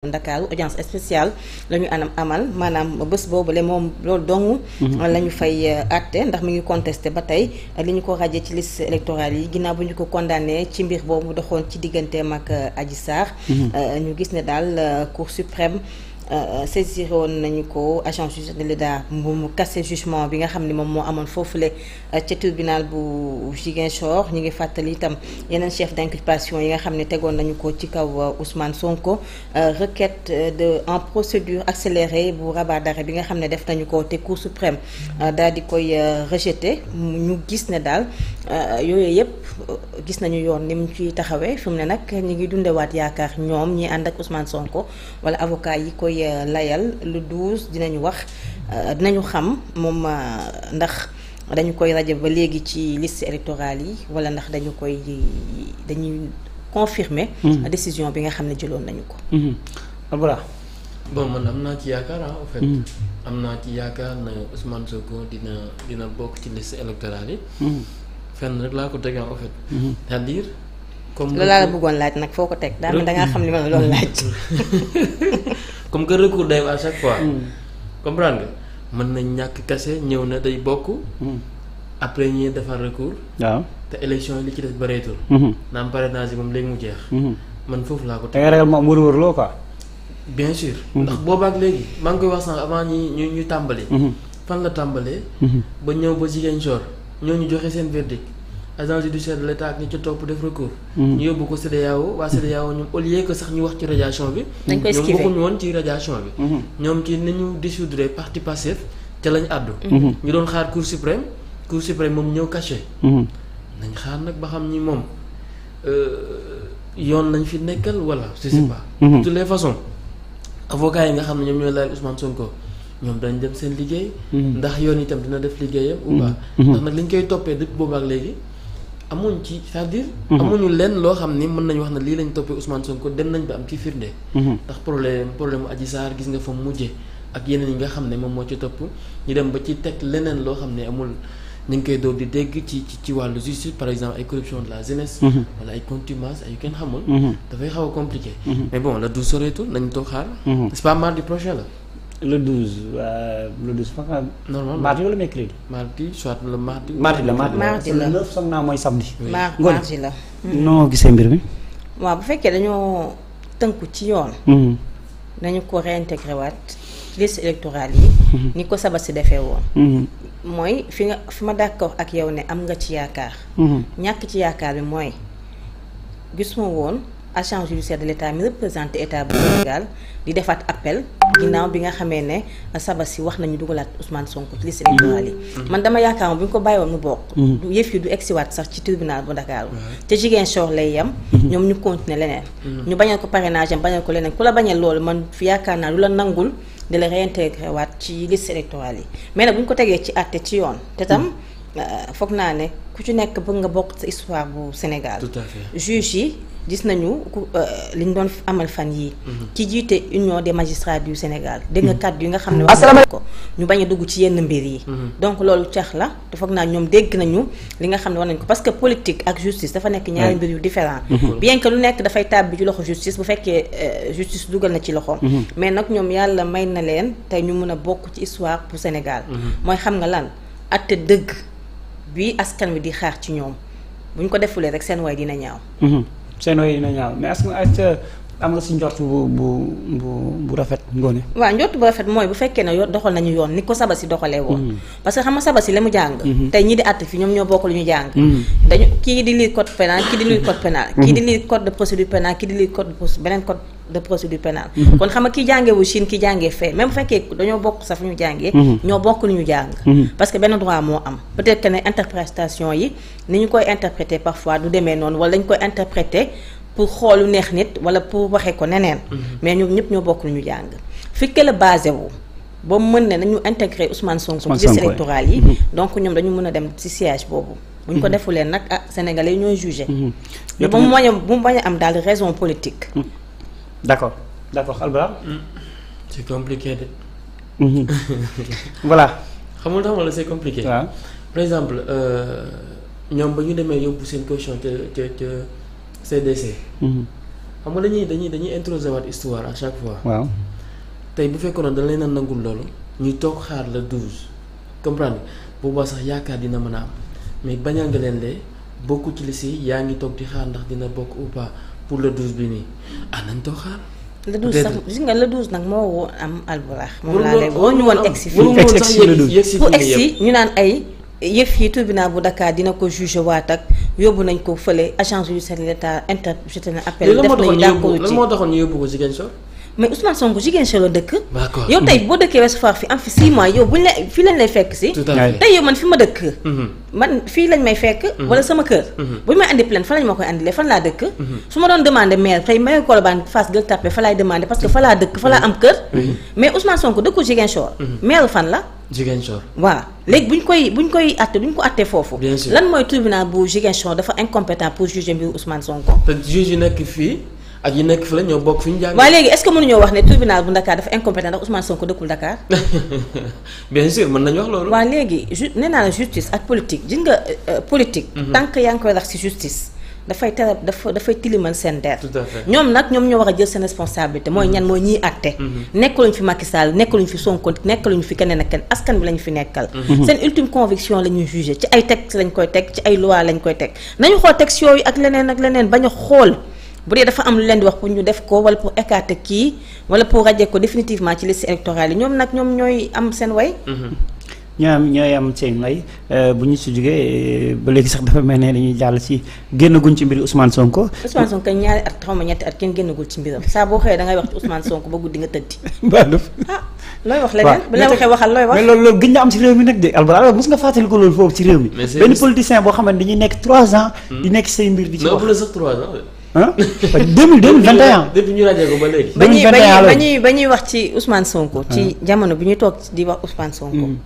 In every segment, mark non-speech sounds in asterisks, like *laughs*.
Ndakaaru audience spéciale la ñu anam amal maanaam bés boobule moom loolu dong. Mhm. la ñu fay euh, àtte ndax mu ngi contesté ba tey li ñu ko rajee ci liste électorale yi ginnaaw bu ñu ko condamné ci mbir boobu doxoon ci digganteem ak euh, aji Sarr. Mhm. Euh, ñu gis ne daal Cour suprême. Euh, saisir woon nañu ko agent juge de l'État mu mu casse jugement bi nga xam ni moom moo amoon foofu foofule euh, ca tribunal bu Ziguinchor ñu ngi fàttali itam yeneen chef d'inculpation yi nga xam ne tegoon nañu ko ci kaw euh, Ousmane Sonko requête de en procédure accélérée bu rabat d'arrêt bi nga xam ne def nañu ko te Cour suprême daal di koy rejeté ñu gis ne daal yooyu yëpp gis nañu yoon ni mu ciy taxawee fi mu ne nag ñu ngi dundewaat yaakaar ñoom ñi ànd ak Ousmane Sonko koy euh, layal lu douze ñu wax euh, dinañu xam moom euh, ndax dañu koy rajo ba léegi ci liste électorale yi wala ndax dañu koy dañuy confirmer mhm. décision bi nga xam ne jëloon nañu ko mhm. Abra bon man am naa ci yaakaar ah mhm. am naa ci yaakaar na Ousmane Sonko dina dina bokk ci liste électorale yi fenn rek laa ko teg en ah, fait c'est-à-dire comme loolu laa laaj nag foo ko teg daa xam li ma la laaj *laughs* comme que recours day à chaque fois. Hmm. comprendre nga mën nañ ñàkk kese ñëw na day bokk. Hmm. après ñuy defar recours. waaw te élection yi li ci des bëreetul. Hmm. naam parrainage yi moom léegi mu jeex. man foofu laa ko teg. da nga ragal moom wër-wër bien sûr. ndax boobaak léegi maa ngi koy wax sànq avant ñi ñu ñu tàmbali. fan la tàmbalee. ba ñëw ba Ziguinchor ñoo ñu joxe seen verdict. agent judiciaire de l'état ak ñi ci topp def recours. Hmm. ñu yóbbu ko CEDEAO waa hmm. CEDEAO ñoom au lieu que sax ñu wax ci radiation bi. dañ koy ñoom waxuñu woon ci radiation hmm. ni ñu dissoudre parti Pastef ca lañ àddu. ñu doon xaar cour suprême cour suprême moom ñëw caché. nañ xaar nag ba xam ñi moom euh, yoon lañ fi nekkal wala. je sais pas. de toutes les façons yi nga xam ne ñoom ñooy laaj Ousmane Sonko. ñoom dañ dem seen liggéey. ndax yoon itam dina def liggéeyam. ou ndax nag liñ koy toppee amuñ ci cest à mhm. amuñu lenn loo xam ni mën nañu wax ne lii lañ toppee Ousmane Sonko dem nañ ba am ci firnde. Mhm. ndax problème problème mu Adji Sarr gis nga fa mujje ak yeneen yi nga xam ne moom moo ci topp ñu dem ba ci teg leneen loo xam ne amul ñu ngi koy door di dégg ci ci wàllu justice par exemple ay corruption de la jeunesse. Mhm. wala ay contumace ay kenn xamul. dafay xaw a compliqué. bon la du soreetul nañ toog xaar. c'est pas mardi prochain la. le 12 euh, le 12 fan. normalement mardi wala mercredi. mardi soit le la mardi naa mooy samedi. mar mardi la hmm. noo gisee mbir mi. waaw bu fekkee dañoo tënku ci yoon. dañu hmm. ko réintégré waat liste électorale yi. Hmm. ni ko sabat si defee woon. mooy fi nga fi ma d'accord ak yow ne am nga ci yaakaar. ñàkk ci yaakaar bi mooy gisuma woon. agent judiciaire de l'État mi représenté État bu Sénégal di defaat appel ginnaaw bi nga xamee ne si wax nañu dugalaat Ousmane Sonko ci liste électorale yi mm-hmm. man dama yaakaar bu ñu ko bàyyiwoon mu bokk mm-hmm. du yëf yi du egsiwaat sax ci tribunal bu Dakar mm-hmm. te Ziguinchor lay yem ñoom ñu continuer leneen ñu bañal ko parrainage am bañal ko leneen ku la bañal loolu man fi yaakaar naa lu la nangul di la réintégré waat ci liste électorale yi mais nag buñ ko tegee ci àtte ci yoon te tam euh, foog naa ne ku ci nekk bëgg nga bokk sa histoire bu Sénégal juge yi gis nañu euh, li ñu doon amal fan yi ci mhm. jiite union de magistrats du Sénégal. dégg nga mhm. kàddu yi nga xam ne wax ko ñu bañ a dugg ci yenn mbir yi. Mhm. donc loolu cax la te foog naa ñoom dégg nañu li nga xam ne war nañ ko parce que politique ak justice dafa nekk ñaari mbir yu différent bien que lu nekk dafay tàbbi ci loxo justice bu fekkee euh, justice dugal na ci loxoom. mais nag ñoom yàlla may na leen tey ñu mën a bokk ci histoire bu Sénégal. mooy xam nga lan atte dëgg bi askan wi di xaar ci ñoom bu ko defulee rek seen way dina ñaaw. seen way yi na ñaaw mais est-ce que am na si njort bu bu bu bu rafet ngoone waaw njort bu rafet mooy bu fekkee ne doxal nañu yoon ni ko Sabasi doxalee woon mm-hmm. parce que xam nga Sabasi la mu jàng mm-hmm. tey ñi di àtt fi ñoom ñoo bokk lu ñu jàng mm-hmm. kii di lire code pénal kii di lire code pénal wu Chine kii jàngee fee ñu jàngee ñoo bokk lu ñu parce que benn droit moo am peut-être que ne interprétation yi ni ñu koy interpréter parfois du demee noonu wala dañ koy interpréter pour xoolu neex nit wala pour waxee ko neneen. Mm-hmm. mais ñoom ñëpp ñoo bokk ñu jàng. fi la basé wu ba mën ne nañu intégré Ousmane Sonko. liste électorale yi. Mm-hmm. donc ñoom dañu mën a dem ci siège boobu. bu ñu ko mm-hmm. defulee nag ah sénégalais ñooy jugé. bu mu bañ a bu mu bañ a mm. mm. *laughs* euh, ñoom ba ñu demee yóbbu seen caution te te CDC. Mhm. xam nga dañuy dañuy dañuy introsé waat histoire à chaque fois. waaw tey bu fekkoon dañ leen a nangul loolu ñuy toog xaar le douze. comprendre boobaa sax yaakaar dina mën a am mais bañal nga leen de bokku ci li si yaa ngi toog di xaar ndax dina bokk ou pour le douze bi nii ah nañ toog xaar. le douze sax gis nga douze nag moo woon am alburax. moom laa lay woo ñu woon egg si fii egg si ñu naan ay yëf yi tribunal bu Dakar dina ko jugé waat ak. yóbbu nañ ko fële agence judiciaire de l'État interjeté na appel def nañu d'accord ci moo taxoon ñu yóbbu mais Ousmane Sonko jigéen si la dëkk. yow tey boo dëkkee Ouest fi am fi 6 mois yow buñ la fii lañ lay fekk si. tey yow man fi ma dëkk. Mhm. man fii lañ may fekk. Mhm. wala sama kër. Mhm. buñ may andi plainte fan lañ fan laa dëkk. su ma doon demandé maire tey maire Colobane Fass Gueule Tapée fa laay demandé parce que fa laa dëkk fa laa am kër. mais Ousmane Sonko dëkku jigéen soor. maire fan la. Ziguinchor waaw léegi bu koy bu koy atte bu ñu ko attee foofu. lan mooy tribunal bu Ziguinchor dafa incompétent pour juger mbiru Ousmane Sonko. te juge nag fii ak yi nekk fële ñoo bokk fi ñu jàng. waaye léegi est-ce que mënuñoo wax ne tribunal bu Dakar dafa incompétent ndax Ousmane Sonko dëkkul Dakar. *laughs* bien sûr mën nañu wax loolu. waaw léegi ju nee justice ak politique gis nga euh, euh, politique. Mhm. tant que yaa ngi koy rax ci justice. dafay tere dafa dafay tilimal seen der ñoom nag ñoom ñoo war a jël seen responsabilité mooy mhm. ñan mooy ñiy àtte mhm. nekkaluñ fi Macky Sall nekkaluñ fi Sonko nekkaluñ fi keneen ak kenn askan bi lañ fi nekkal seen ultime la ñuy jugé ci ay texte lañ koy teg ci ay loi lañ koy teg nañu xool texte yooyu ak leneen ak leneen bañ a xool bu dee dafa am lu leen di wax pour ñu def ko wala pour écarter kii wala pour radier ko définitivement ci liste électorale yi ñoom nag ñoom ñooy am seen way. ñoo am ñooy am seen way euh, bu ñu si jugee euh, ba léegi sax dafa mel ne dañuy jàll si nga tëddi. *laughs* Ah, foofu ci réew mi. benn politicien boo xamante dañuy nekk 3 ans. Hmm. di nekk say mbir di ci wax ah 2021. depuis ñu rajee ko ba léegi. ba ñuy ba ñuy ba ñuy wax ci Ousmane Sonko. ci jamono bi ñu toog di wax Ousmane Sonko. Hmm.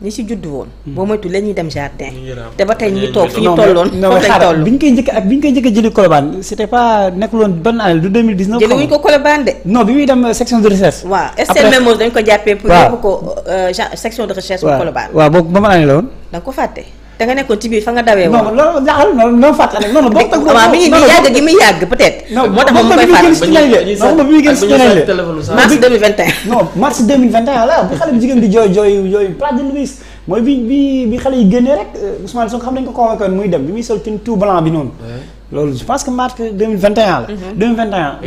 ñi si judd woon. Hmm. boo moytu la ñuy dem jardin. te ba tey ñu toog fi ñu tolloon. foofu lañ toll bi ñu koy njëkk ak bi ñu koy njëkk a jëli Colobane c'était pas nekkul woon ban année du 2019. jëli wuñ ko Colobane de. non bi muy dem euh, section de recherche. waaw STM Mermoz dañ ko jàppee. pour yóbbu ko euh, section de recherche. bu Colobane waaw waaw boobu ba ma année la ko fàtte. da nekkoon ti biir fa nga dawee woon. non loolu jaaxal na non fàttali non non bokkul ak. tax moom koy fàttali non bi ñu gën si keneen la mars 2021. non bi xale bu jigéen di jooy jooy jooy Place de Louis mooy bi bi bi xale rek Ousmane Sonko xam nañ ko convoqué woon muy dem bi muy sol tout blanc bi noonu. loolu je pense que mars 2021 la. 2021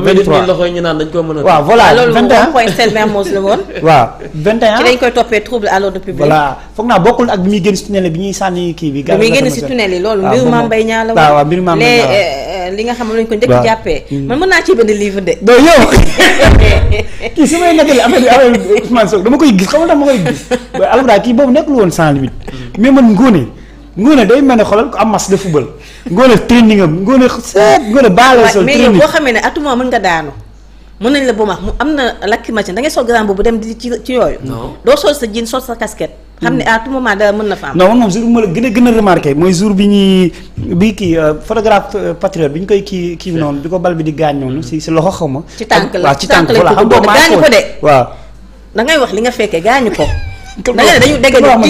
22 23 loxo ñu naan dañ ko mën a. waaw voilà 21 loolu seen Mermoz la woon. *laughs* waaw 21 ci dañ koy toppee trouble à l'ordre public. voilà foog naa bokkul ak bi muy génn si tunnel bi ñuy sànni kii bi. gàllankoor bi muy génn si tunnel yi loolu. waaw ah, moom mbay ñaa la waaw waaw mbiru maam mbay ñaa li nga xam ne lañ ko njëkk jàppee. Mm. man mën naa ci benn livre de. doo yow *laughs* kii su may nettali affaire bi affaire Ousmane Sow dama koy gis xam nga dama koy gis waaye alhamdulilah kii boobu nekkul woon sans limite mm. mais man ngoone ngoone day mel ne xoolal ko am match de football Ngoné training am Ngoné seet Ngoné baale sol training mais yow boo xamee ne à tout moment mën nga daanu mën nañ la bu maax mu am na lakki machine da ngay sol grand bu dem di ci ci yooyu doo sol sa jean sol sa casquette xam ne mm. à tout moment da mën na fa am non man moom jour bi ma la gën a gën a remarqué mooy jour bi ñuy bi kii euh, photographe euh, patriote bi ñu koy kii kii noonu bi ko bal bi di gaañ noonu si si loxo xaw ma ci tànk la ci tànk voilà xam nga gaañu ko wax li nga fekkee gaañu ko dañu dégg loolu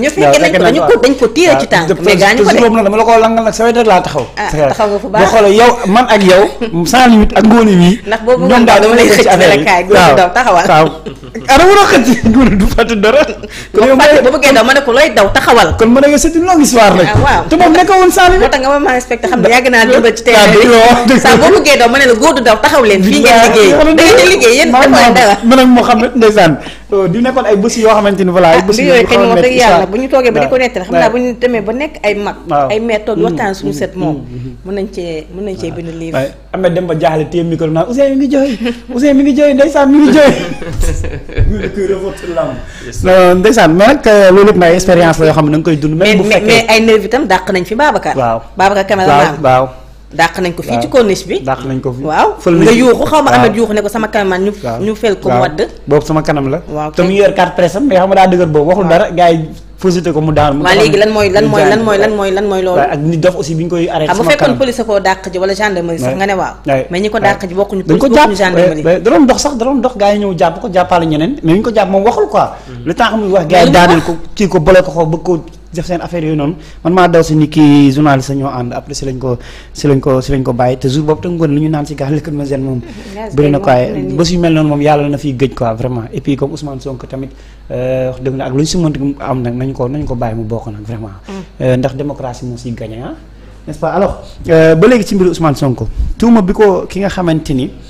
ñëpp fekkee nañ ko dañu ko dañ ko tiire ci tànk mais gaañu ko de dama la ko langal nag sa wet rek laa taxaw taxaw nga fu baax boo xoolee yow man ak yow sans limite ak ngóoni wii ndax boobu ñoom daal dama lay xëcc la kaay góor daw taxawal ana war a xëcc *laughs* du fàtte dara. yow ba bëggee daw ma ne ko looy daw taxawal. kon ma ne ko c'est une longue histoire rek. Ah, waaw te moom nekk woon Saalum. moo tax ma ma respecté xam ne yàgg naa jëmbal ci tey ne la góor du taxaw leen. fii ngeen liggéey da ngeen di liggéey yéen dafa oh, nekkoon ay bés yoo xamante ni voilà ay ah, bés yooyu kañ wax dëgg yàlla bu ñu toogee ba di ko nettali xam naa bu ñu demee ba nekk ay mag ay maire mm-hmm. waxtaan suñu set moom mm-hmm. mën nañ cee mën nañ cee bind livre Ahmed dem ba jaaxle téye micro naan Ousseyn mi ngi jooy Ousseyn mi ngi jooy ndeysaan mi ngi jooy *laughs* ñu ne kuy nag euh, loolu yëpp nag expérience la yoo xam ne da koy dund même bu fekkee mais ay nerf itam dàq nañ fi Babacar waaw Babacar cameraman waaw dàq nañ ko fii ci corniche bi dàq nañ ko fi waaw nga yuuxu xaw ma Ahmed yuuxu ne ko sama kanam ñu ñu fel ko mu wadd boobu sama kanam la te mu yor carte presse am mais xam nga daa dëgër boobu waxul dara gars fausseté ko mu daanu. waaw léegi lan mooy lan mooy lan mooy lan mooy lan mooy loolu. ak nit dof aussi bi ñu koy arrêté. sama kanam bu fekkoon police koo dàq ji wala gendarmerie sax nga ne waaw. mais ñi ko dàq ji bokkuñu. dañ ko jàpp gendarmerie da doon dox sax da dox gars yi ñëw jàpp ko jàppaale ñeneen mais ñu ko jàpp moom waxul quoi. Mm-hmm. le temps xamul wax gars yi daaneel ko kii ko bole ko xoo bëgg ko def seen affaire yooyu noonu man maa daw si ni kii journaliste ñoo ànd après si lañ ko si lañ ko si lañ ko bàyyi te jour boobu tam ngoon lu ñu naan si gaal lëkkat ma seen moom *laughs* bëri na quoi bés yu mel noonu moom gëj quoi vraiment et puis comme Ousmane Sonko tamit euh, wax dëgg na ak lu ñu si mënti am nag nañ ko nañ ko bàyyi mu bokk nag vraiment mm. euh, ndax démocratie moo siy gagné ah n'est-ce euh, ba léegi ci mbiru Ousmane Sonko tuuma bi ko ki nga xamante ni